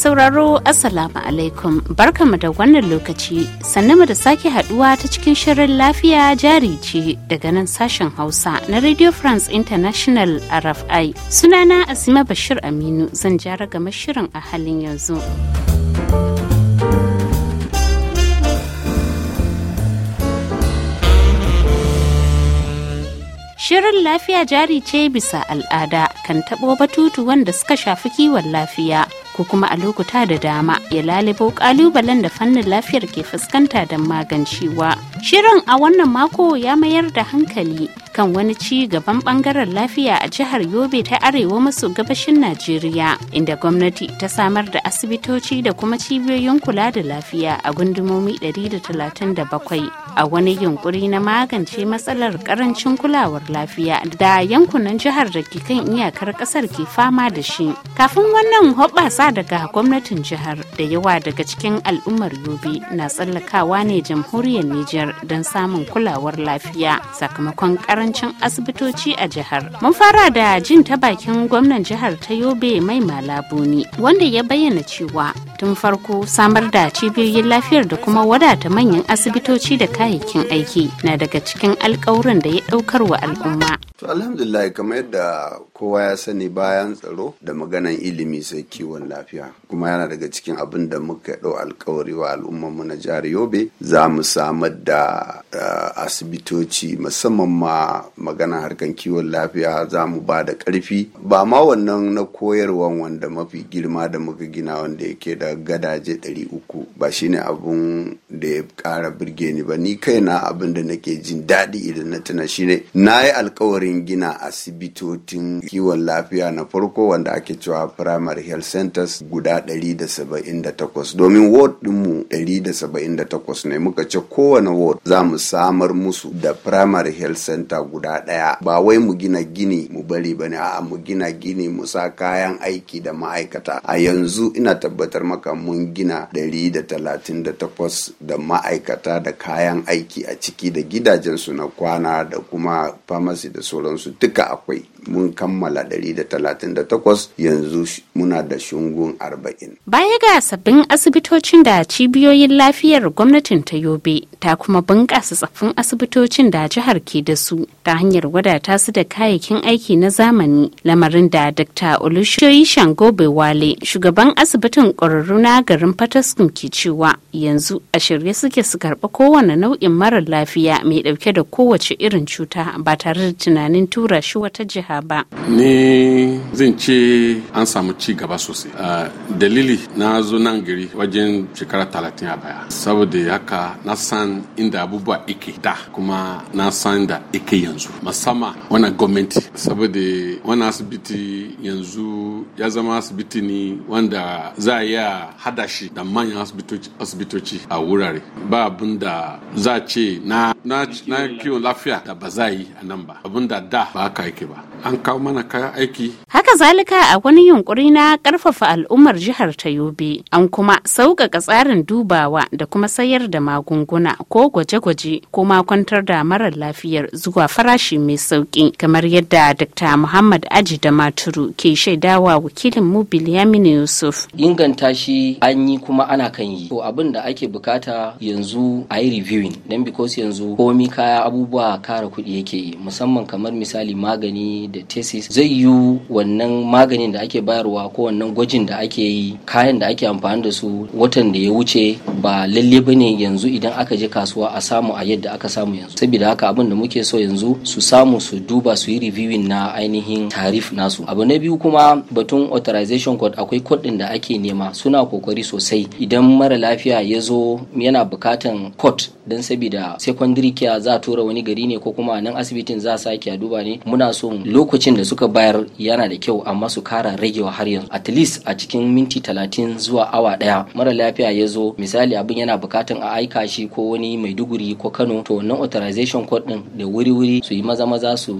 sauraro Assalamu alaikum barkamu da wannan lokaci sannu da sake haduwa ta cikin shirin lafiya jari ce daga nan sashen Hausa na Radio France International RFI. Sunana Asima Bashir Aminu zan jara gama shirin a halin yanzu. Shirin lafiya jari ce bisa al'ada kan taɓo batutu wanda suka shafi kiwon lafiya ko kuma a lokuta da dama ya lalibo kalubalen da fannin lafiyar ke fuskanta don magancewa. Shirin a wannan mako ya mayar da hankali kan wani ci gaban bangaren lafiya a jihar Yobe ta arewa maso gabashin Najeriya inda gwamnati ta samar da asibitoci da kuma cibiyoyin kula da lafiya a gundumomi 137 a wani yunkuri na magance matsalar karancin kulawar lafiya da yankunan jihar da ke kan iyakar kasar ke fama da shi kafin wannan hoɓasa daga gwamnatin jihar da yawa daga cikin al'ummar yobe na tsallakawa ne jamhuriyar Nijar don samun kulawar lafiya sakamakon karancin asibitoci a jihar mun fara da jin ta bakin gwamnan jihar ta yobe mai malabuni wanda ya bayyana cewa tun farko samar da cibiyoyin lafiyar da kuma wadata manyan asibitoci da kayayyakin aiki na daga cikin alkawuran da ya ɗaukar wa al'umma To alhamdulillah kamar yadda kowa ya sani bayan tsaro da maganan ilimi sai kiwon lafiya kuma yana daga cikin abin da muka ɗau alkawari wa al'ummarmu na jihar Yobe za mu samar da eh, asibitoci musamman ma magana harkan kiwon lafiya za mu ba da ƙarfi ba ma wannan na koyarwan wanda mafi girma da muka gina wanda yake da gadaje ɗari uku ba shine abun da ya ƙara birge ni ba ni kaina abin da nake jin daɗi idan na tuna shine na yi alkawari wurin gina asibitocin kiwon lafiya na farko wanda ake cewa primary health centers guda 178 domin ward dinmu 178 ne muka ce kowane ward za mu samar musu da primary health center guda daya ba wai mu gina gini mu bari ba ne a mu gina gini mu sa kayan aiki da ma'aikata a yanzu ina tabbatar maka mun gina 138 da ma'aikata da kayan aiki a ciki da gidajensu na kwana da kuma pharmacy da su. sauransu duka akwai mun kammala 138 yanzu muna da shungun 40. Baya ga sabbin asibitocin da cibiyoyin lafiyar gwamnatin ta yobe ta kuma bunƙasa tsaffin asibitocin da jihar ke da su ta hanyar wadata su da kayayyakin aiki na zamani lamarin da Dr. Olushoyi Shangobe Wale shugaban asibitin ƙwararru na garin Fataskun ke cewa yanzu a shirye suke su karɓa kowane nau'in mara lafiya mai ɗauke da kowace irin cuta ba tare da tunanin tura shi wata jiha ta ba. Ni zan ce an samu ci gaba sosai. Dalili na zo nan gari wajen shekara talatin a baya. Saboda haka na san inda abubuwa ike da kuma na san da ike yanzu. Masama wana gwamnati saboda wani asibiti yanzu ya zama asibiti ne wanda za a iya hada shi da manyan asibitoci a wurare. Ba abin da za ce na kiwon lafiya da ba za yi a nan ba abin da da ba haka yake ba an kawo mana kayan aiki. Haka zalika a wani yunkuri na karfafa al'ummar jihar ta Yobe an kuma sauƙaƙa tsarin dubawa da kuma sayar da magunguna ko gwaje-gwaje ko kwantar da marar lafiyar zuwa farashi mai sauƙi kamar yadda Dr. Muhammad Aji da Maturu ke shaidawa wakilin mu Bilyamin Yusuf. Inganta shi an yi kuma ana kan yi. To abin da ake bukata yanzu a yi reviewing don because yanzu komi kaya abubuwa kara kuɗi yake yi musamman kamar misali magani da tesis zai yi wannan maganin da ake bayarwa ko wannan gwajin da ake yi kayan da ake amfani da su watan da ya wuce ba lalle ba ne yanzu idan aka je kasuwa a samu a yadda aka samu yanzu saboda haka abin da muke so yanzu su samu su duba su yi reviewing na ainihin tarif nasu abu na biyu kuma batun authorization code akwai code din da ake nema suna kokari sosai idan mara lafiya ya zo yana bukatan code don saboda secondary care za a tura wani gari ne ko kuma nan asibitin za a sake a duba ne muna son lokacin da suka bayar yana da kyau amma su kara ragewa har yanzu at least a cikin minti talatin zuwa awa daya mara lafiya ya zo misali abin yana bukatan a aika shi ko wani maiduguri ko kano to wannan authorization code din da wuri-wuri su yi maza-maza su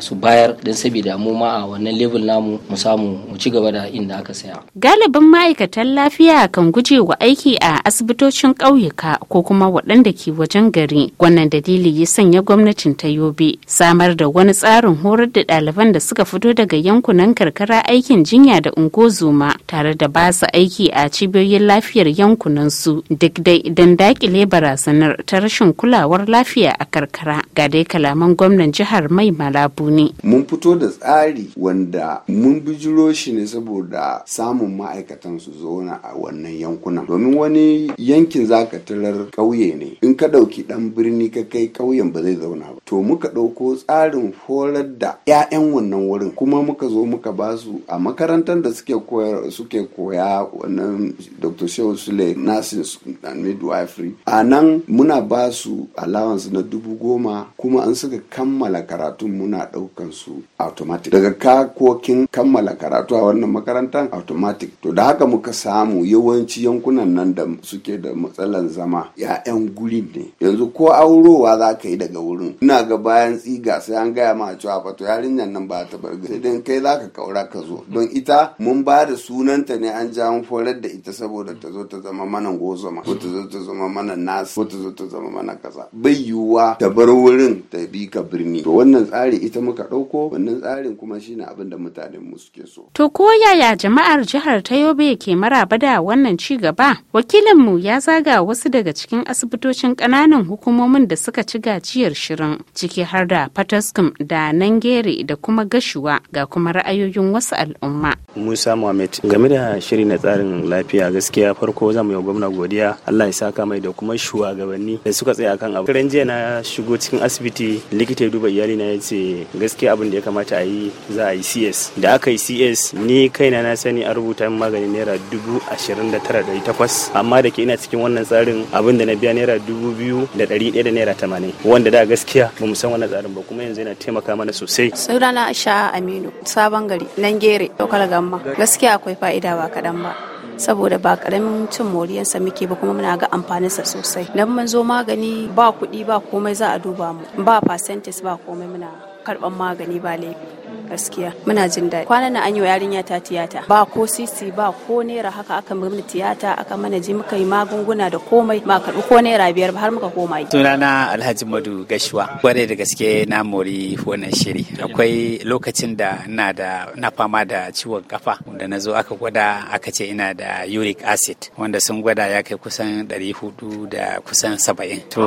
su bayar don saboda mu ma a wannan level namu mu samu mu ci gaba da inda aka saya galibin ma'aikatan lafiya kan guje wa aiki a asibitocin ƙauyuka ko kuma waɗanda ke wajen gari wannan dalili ya sanya gwamnatin ta yobe samar da wani tsarin horar da da ɗaliban da suka fito daga yankunan karkara aikin jinya da ungozoma tare da ba su aiki a cibiyoyin lafiyar yankunan su duk dai don dakile barazanar ta rashin kulawar lafiya a karkara ga dai kalaman gwamnan jihar mai malabu ne. Mun fito da tsari wanda mun bijiro shi ne saboda samun ma'aikatan su zauna a wannan yankunan domin wani yankin zaka tarar ƙauye ne in ka ɗauki ɗan birni ka kai ƙauyen ba zai zauna ba to muka ɗauko tsarin horar da 'ya'yan wannan wurin kuma muka zo muka ba su a makarantar da suke koya suke wannan dr shehu sule nursing and midwifery a nan muna ba su allowance na dubu goma kuma an suka kammala karatun muna ɗaukan su automatic daga kakokin kammala karatu a wannan makarantar automatic to da haka muka samu yawanci yankunan nan da suke da matsalan zama 'ya'yan gurin ne yanzu ko aurowa za ka yi daga wurin ina ga bayan tsiga sai an gaya ma cewa fato yarinyar nan ba ta bar gari don kai za ka kaura ka zo don ita mun ba da sunanta ne an ja mun forar da ita saboda ta zo ta zama mana gozoma ko ta zo ta zama mana nasi ko ta zo ta zama mana kasa. bai yiwuwa ta bar wurin ta bi ka birni to wannan tsari ita muka ɗauko wannan tsarin kuma shine abin da mutanen mu suke so to ko yaya jama'ar jihar ta Yobe ke maraba da wannan ci gaba wakilinmu ya zaga wasu daga cikin asibitocin ƙananan hukumomin da suka ci gajiyar shirin ciki har da Fataskum da Nangere Gombe da kuma Gashuwa ga kuma ra'ayoyin wasu al'umma. Musa Muhammad game da shiri na tsarin lafiya gaskiya farko za mu yi gwamna godiya Allah ya saka mai da kuma shuwa gabanni da suka tsaya kan abu. Karen jiya na shigo cikin asibiti likita ya duba iyali na ya ce gaskiya abin da ya kamata a yi za a yi CS. Da aka yi CS ni kaina na sani a rubuta min maganin naira dubu ashirin da tara da takwas amma da ke ina cikin wannan tsarin abin da na biya naira dubu biyu da ɗari ɗaya da naira tamanin wanda da gaskiya ba mu san wannan tsarin ba kuma yanzu yana taimaka mana sosai sunana Aisha Aminu sabon gari nan gere Ɗaukar, gamma gaskiya akwai fa'ida ba kaɗan ba saboda ba karamin cin moriyansa muke ba kuma muna ga amfaninsa sosai dan mun zo magani ba kuɗi ba komai za a duba mu ba percentage ba komai muna karɓan magani ba laifi gaskiya muna jin daɗi kwanan nan an yi yarinya ta tiyata ba ko sisi ba ko naira haka aka mana tiyata aka mana ji muka yi magunguna da komai ma karɓi ko naira biyar ba har muka koma yi sunana alhaji madu gashuwa gwarai da gaske na mori wannan shiri akwai lokacin da na da na fama da ciwon kafa da na zo aka gwada aka ce ina da uric acid wanda sun gwada ya kai kusan hudu da kusan saba'in to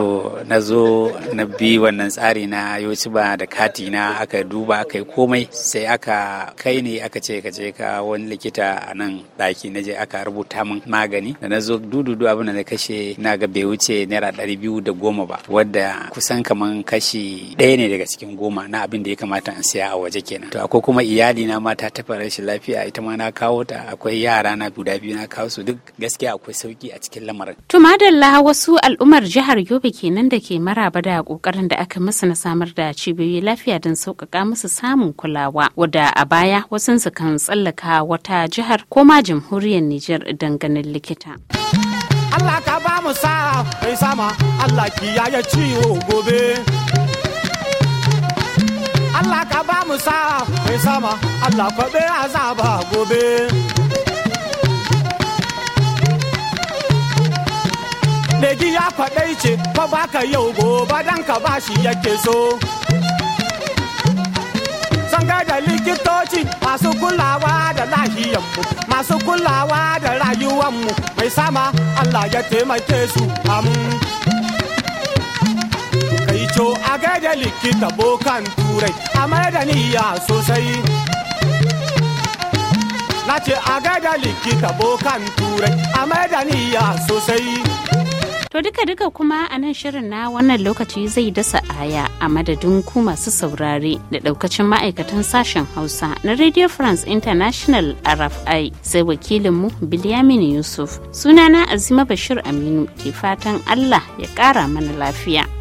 na zo na bi wannan tsari na yoci ba da kati na aka duba aka yi komai sai aka kai ne aka ce ka je ka wani likita a nan ɗaki na je aka rubuta min magani da na zo dududu abin da na kashe na ga bai wuce naira ɗari biyu da goma ba wadda kusan kaman kashi ɗaya ne daga cikin goma na abin da ya kamata in siya a waje kenan to akwai kuma iyali na ma ta tafa rashin lafiya ita ma na kawo ta akwai yara na guda biyu na kawo su duk gaskiya akwai sauki a cikin lamarin. to madalla wasu al'ummar jihar yobe kenan da ke maraba da kokarin da aka musu na samar da cibiyoyi lafiya don sauƙaƙa musu samun kulawa. Nasarawa wadda a baya wasansu kan tsallaka wata jihar ko ma jamhuriyar Nijar idan ganin likita. Allah ka ba mu sa mai sama Allah ya ciwo gobe. Allah ka ba mu sa mai sama Allah kwaɓe azaba gobe. Legi ya kwaɗai ce, fa baka yau gobe dan ka bashi yake so. sun da likitoci masu kulawa da lahiyanmu masu kulawa da rayuwanmu mai sama Allah ya taimake su am kai co a gaida likita bokan turai a da niyya sosai na ce a gaida likita bokan turai a da niyya sosai To duka-duka kuma a nan shirin na wannan lokaci zai dasa aya a madadin ku masu saurare da daukacin ma'aikatan sashen Hausa na Radio France International RFI sai mu Bilyamin Yusuf. Sunana Azima Bashir Aminu ke fatan Allah ya ƙara mana lafiya.